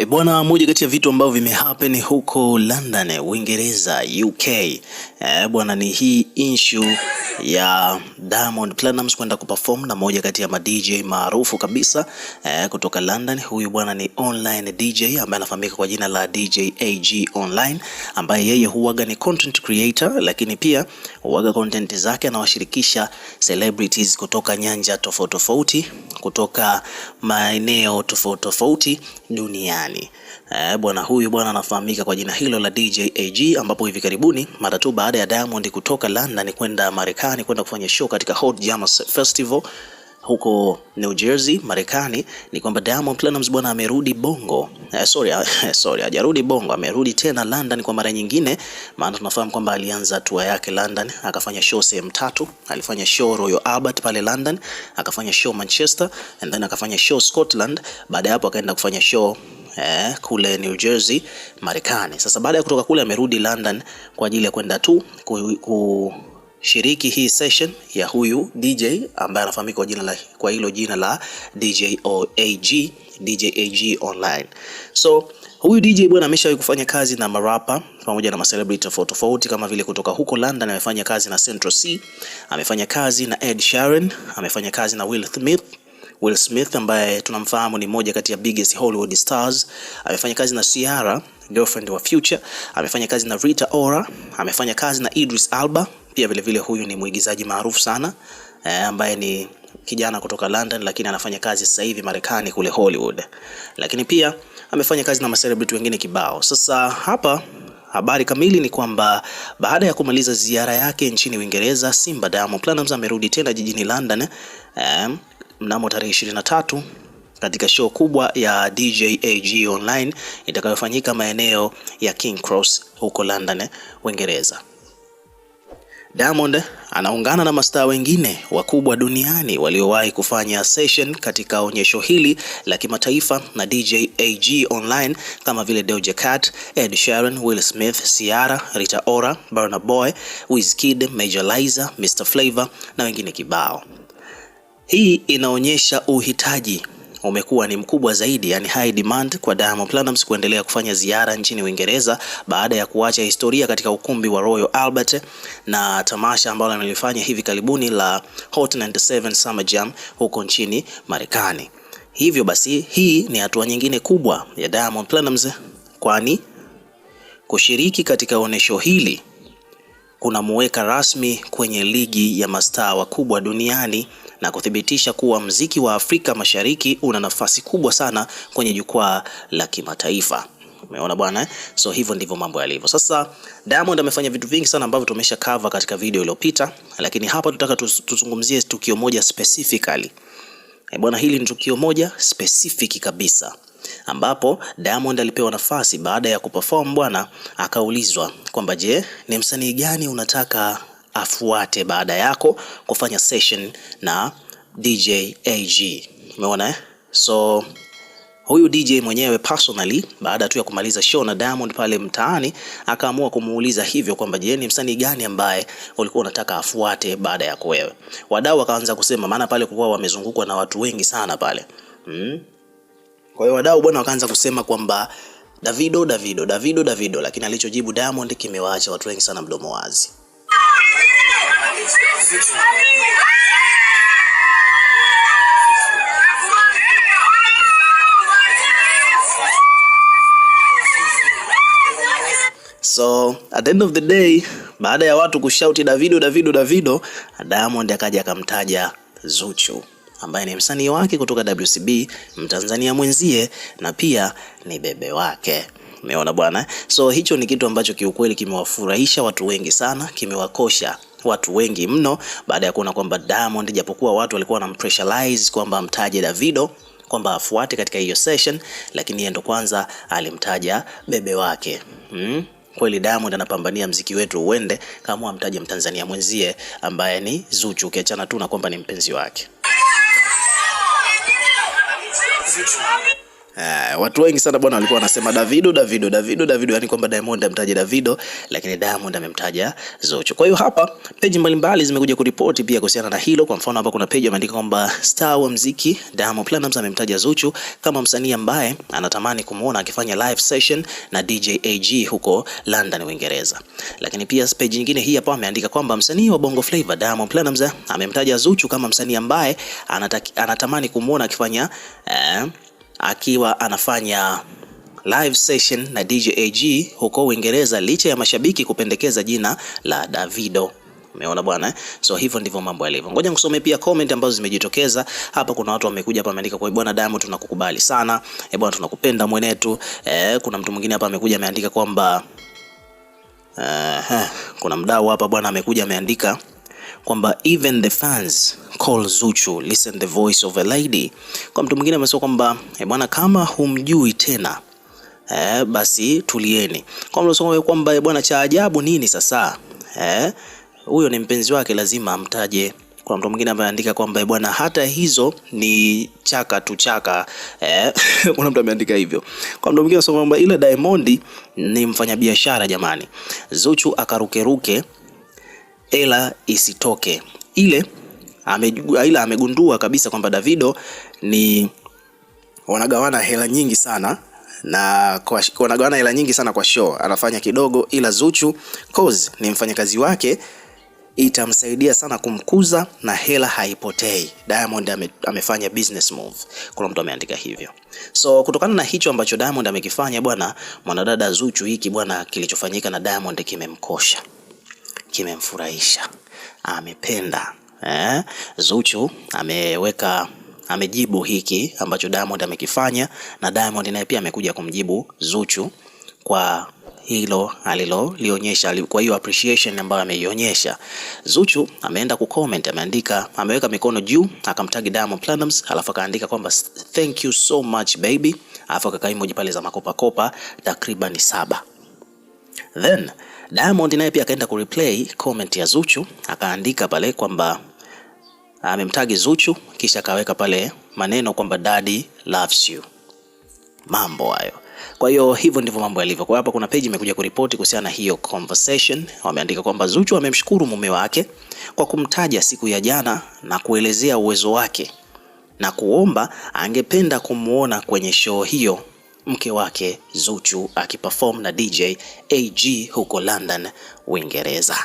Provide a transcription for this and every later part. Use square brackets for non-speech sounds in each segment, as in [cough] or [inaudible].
E bwana, moja kati ya vitu ambavyo vimehappen huko London, Uingereza, UK e eh, bwana, ni hii issue ya Diamond Platnumz kwenda kuperform na moja kati ya ma DJ maarufu kabisa e, kutoka London. Huyu bwana ni online DJ ambaye anafahamika kwa jina la DJ AG Online, ambaye yeye huwaga ni content creator, lakini pia huwaga content zake anawashirikisha celebrities kutoka nyanja tofauti tofauti, kutoka maeneo tofauti tofauti duniani gani? Eh, bwana huyu bwana anafahamika kwa jina hilo la DJ AG, ambapo hivi karibuni mara tu baada ya Diamond kutoka London kwenda Marekani kwenda kufanya show katika Hot Jamas Festival huko New Jersey Marekani, ni kwamba Diamond Platnumz bwana amerudi Bongo. Eh, sorry, ah, [laughs] sorry, hajarudi Bongo, amerudi tena London kwa mara nyingine, maana tunafahamu kwamba alianza tour yake London, akafanya show sehemu tatu. Alifanya show Royal Albert pale London, akafanya show Manchester and then akafanya show Scotland. Baada ya hapo akaenda kufanya show eh, kule New Jersey Marekani. Sasa baada ya kutoka kule amerudi London kwa ajili ya kwenda tu kushiriki hii session ya huyu DJ ambaye anafahamika kwa jina la kwa hilo jina la DJ OAG, DJ AG online. So huyu DJ bwana ameshawahi kufanya kazi na marapa pamoja na macelebrity tofauti tofauti kama vile kutoka huko London amefanya kazi na Central C, amefanya kazi na Ed Sheeran, amefanya kazi na Will Smith Will Smith ambaye tunamfahamu ni moja kati ya biggest Hollywood stars, amefanya kazi na Ciara, girlfriend wa Future, amefanya kazi na Rita Ora, amefanya kazi na Idris Alba pia vilevile. Huyu ni mwigizaji maarufu sana e, ambaye ni kijana kutoka London lakini anafanya kazi sasa hivi Marekani kule Hollywood, lakini pia amefanya kazi na maselebrity wengine kibao. Sasa hapa habari kamili ni kwamba baada ya kumaliza ziara yake nchini Uingereza, Simba Diamond Platnumz amerudi tena jijini London eh, mnamo tarehe 23 katika show kubwa ya DJ AG online itakayofanyika maeneo ya King Cross huko London, Uingereza. Diamond anaungana na mastaa wengine wakubwa duniani waliowahi kufanya session katika onyesho hili la kimataifa na DJ AG online kama vile Doja Cat, Ed Sheeran, Will Smith, Ciara, Rita Ora, Burna Boy, Wizkid, Major Lazer, Mr Flavor na wengine kibao. Hii inaonyesha uhitaji umekuwa ni mkubwa zaidi, yani high demand kwa Diamond Platnumz kuendelea kufanya ziara nchini Uingereza baada ya kuacha historia katika ukumbi wa Royal Albert na tamasha ambalo amelifanya hivi karibuni la Hot 97 Summer Jam huko nchini Marekani. Hivyo basi, hii ni hatua nyingine kubwa ya Diamond Platnumz kwani kushiriki katika onyesho hili kunamuweka rasmi kwenye ligi ya mastaa wakubwa duniani na kuthibitisha kuwa mziki wa Afrika Mashariki una nafasi kubwa sana kwenye jukwaa la kimataifa. Umeona bwana, eh? so hivyo ndivyo mambo yalivyo. Sasa Diamond amefanya vitu vingi sana ambavyo tumesha cover katika video iliyopita, lakini hapa tutaka tuzungumzie tukio moja specifically. E bwana, hili ni tukio moja specific kabisa ambapo Diamond alipewa nafasi baada ya kuperform bwana, akaulizwa kwamba je, ni msanii gani unataka afuate baada yako kufanya session na DJ AG. Umeona eh? So huyu DJ mwenyewe personally baada tu ya kumaliza show na Diamond pale mtaani akaamua kumuuliza hivyo kwamba je, ni msanii gani ambaye ulikuwa unataka afuate baada yako wewe? Wadau wakaanza kusema, maana pale kulikuwa wamezungukwa na watu wengi sana pale mm. Kwa hiyo wadau bwana wakaanza kusema kwamba Davido, Davido, Davido, Davido, lakini alichojibu Diamond kimewaacha watu wengi sana mdomo wazi. So at the end of the day, baada ya watu kushauti Davido, Davido, Davido, Diamond akaja akamtaja Zuchu ambaye ni msanii wake kutoka WCB, mtanzania mwenzie na pia ni bebe wake. Umeona bwana, so hicho ni kitu ambacho kiukweli kimewafurahisha watu wengi sana, kimewakosha watu wengi mno, baada ya kuona kwamba Diamond, japokuwa watu walikuwa wanampressurize kwamba amtaje Davido kwamba afuate katika hiyo session, lakini yeye ndo kwanza alimtaja bebe wake hmm? Kweli Diamond anapambania mziki wetu uende, kama amtaje mtanzania mwenzie ambaye ni Zuchu, ukiachana tu na kwamba ni mpenzi wake. position. Eh, watu wengi sana bwana walikuwa wanasema Davido Davido Davido Davido, yani kwamba Diamond amemtaja Davido, lakini Diamond amemtaja Zuchu. Kwa hiyo hapa peji mbalimbali zimekuja kuripoti pia kuhusiana na hilo. Kwa mfano hapa kuna peji imeandika kwamba star wa muziki Diamond Platnumz amemtaja Zuchu kama msanii ambaye anatamani kumuona akifanya live session na DJ AG huko London, Uingereza. Lakini pia page nyingine hii hapa ameandika kwamba msanii wa Bongo Flava Diamond Platnumz amemtaja Zuchu kama msanii ambaye anatamani kumuona akifanya eh, akiwa anafanya live session na DJ AG huko Uingereza licha ya mashabiki kupendekeza jina la Davido. Umeona bwana eh? So hivyo ndivyo mambo yalivyo. Ngoja nikusome pia comment ambazo zimejitokeza hapa. Kuna watu wamekuja hapa wameandika, kwa bwana Diamond, tunakukubali sana eh bwana, tunakupenda mwenetu eh. Kuna mtu mwingine hapa amekuja ameandika kwamba eh, eh kuna mdau hapa bwana amekuja ameandika kwamba even the fans call Zuchu listen the voice of a lady. Kwa mtu mwingine amesema kwamba e, bwana, kama humjui tena eh, basi tulieni. Kwa mtu kwamba e, bwana, cha ajabu nini sasa eh, huyo ni mpenzi wake, lazima amtaje. Kwa mtu mwingine ameandika kwamba e, bwana, hata hizo ni chaka tu chaka eh. [laughs] Kuna mtu ameandika hivyo. Kwa mtu mwingine anasema kwamba ile Diamond ni mfanyabiashara jamani, Zuchu akarukeruke ela isitoke ile amejua, ila amegundua kabisa kwamba Davido ni wanagawana hela nyingi sana na kwa, wanagawana hela nyingi sana kwa show, anafanya kidogo, ila Zuchu cause ni mfanyakazi wake itamsaidia sana kumkuza na hela haipotei. Diamond ame, amefanya business move, kuna mtu ameandika hivyo. So kutokana na hicho ambacho Diamond amekifanya bwana, mwanadada Zuchu, hiki bwana, kilichofanyika na Diamond kimemkosha kimemfurahisha, amependa. Eh, Zuchu ameweka amejibu hiki ambacho Diamond amekifanya, na Diamond naye pia amekuja kumjibu Zuchu kwa hilo alilolionyesha, kwa hiyo appreciation ambayo ameionyesha. Zuchu ameenda comment, ameandika, ameweka mikono juu, akamtag Diamond Platnumz, alafu akaandika kwamba thank you so much baby, alafu akaweka emoji pale za makopa kopa takriban saba then Diamond naye pia akaenda kureplay comment ya Zuchu akaandika pale kwamba ah, amemtagi Zuchu kisha akaweka pale maneno kwamba daddy loves you. Mambo hayo. Kwa hiyo hivyo ndivyo mambo yalivyo. Kwa hapa kuna page imekuja kuripoti kuhusiana na hiyo conversation. Wameandika kwamba Zuchu amemshukuru mume wake kwa kumtaja siku ya jana na kuelezea uwezo wake na kuomba angependa kumwona kwenye show hiyo mke wake Zuchu akiperform na DJ AG huko London, Uingereza.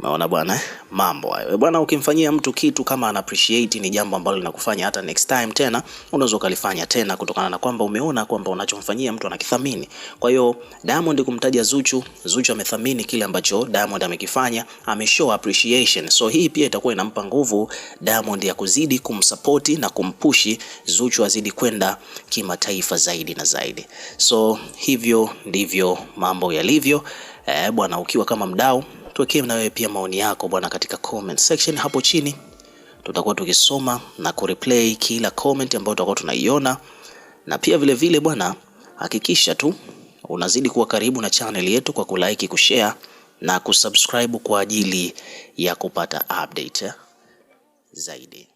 Umeona bwana, eh? mambo hayo eh, bwana. Ukimfanyia mtu kitu kama ana appreciate, ni jambo ambalo linakufanya hata next time tena unaweza ukalifanya tena, kutokana na kwamba umeona kwamba unachomfanyia mtu anakithamini. Kwa hiyo Diamond kumtaja Zuchu, Zuchu amethamini kile ambacho Diamond amekifanya, ameshow appreciation. So hii pia itakuwa inampa nguvu Diamond ya kuzidi kumsupport na kumpushi Zuchu azidi kwenda kimataifa zaidi na zaidi. So hivyo ndivyo mambo yalivyo. Eh, bwana ukiwa kama mdau tuwekee na wewe pia maoni yako bwana, katika comment section hapo chini. Tutakuwa tukisoma na kureplay kila comment ambayo tutakuwa tunaiona, na pia vile vile bwana, hakikisha tu unazidi kuwa karibu na channel yetu kwa kulike, kushare na kusubscribe kwa ajili ya kupata update zaidi.